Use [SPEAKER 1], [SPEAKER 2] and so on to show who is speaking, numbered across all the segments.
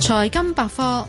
[SPEAKER 1] 財金百科：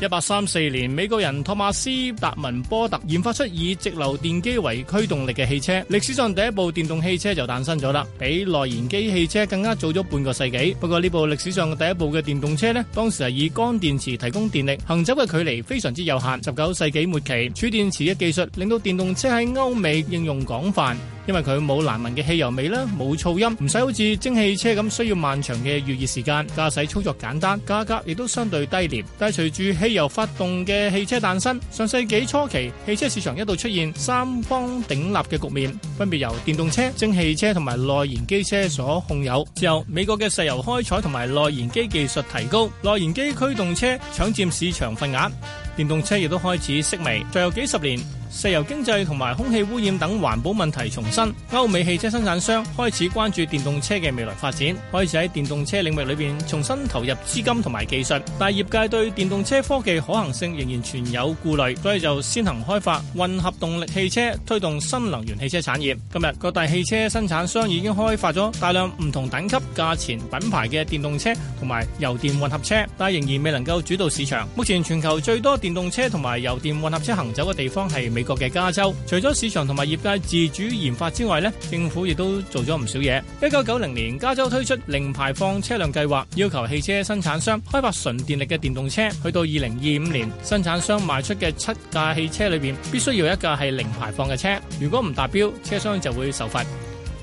[SPEAKER 1] 一八三四年，美國人托馬斯達文波特研發出以直流電機為驅動力嘅汽車，歷史上第一部電動汽車就誕生咗啦，比內燃機汽車更加早咗半個世紀。不過呢部歷史上第一部嘅電動車呢，當時係以乾電池提供電力，行走嘅距離非常之有限。十九世紀末期，儲電池嘅技術令到電動車喺歐美應用廣泛。因為佢冇難聞嘅汽油味啦，冇噪音，唔使好似蒸汽車咁需要漫長嘅預熱時間，駕駛操作簡單，價格亦都相對低廉。但係隨住汽油發動嘅汽車誕生，上世紀初期汽車市場一度出現三方鼎立嘅局面，分別由電動車、蒸汽車同埋內燃機車所控有。之後美國嘅石油開採同埋內燃機技術提高，內燃機驅動車搶佔市場份額，電動車亦都開始式微。再有幾十年。石油經濟同埋空氣污染等環保問題重申，歐美汽車生產商開始關注電動車嘅未來發展，開始喺電動車領域裏邊重新投入資金同埋技術，但係業界對電動車科技可行性仍然存有顧慮，所以就先行開發混合動力汽車，推動新能源汽車產業。今日各大汽車生產商已經開發咗大量唔同等級、價錢、品牌嘅電動車同埋油電混合車，但仍然未能夠主導市場。目前全球最多電動車同埋油電混合車行走嘅地方係美。美國嘅加州，除咗市場同埋業界自主研發之外咧，政府亦都做咗唔少嘢。一九九零年，加州推出零排放車輛計劃，要求汽車生產商開發純電力嘅電動車。去到二零二五年，生產商賣出嘅七架汽車裏邊，必須要一架係零排放嘅車。如果唔達標，車商就會受罰。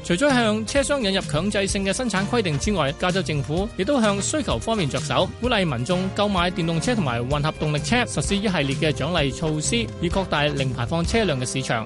[SPEAKER 1] 除咗向車商引入強制性嘅生產規定之外，加州政府亦都向需求方面着手，鼓勵民眾購買電動車同埋混合動力車，實施一系列嘅獎勵措施，以擴大零排放車輛嘅市場。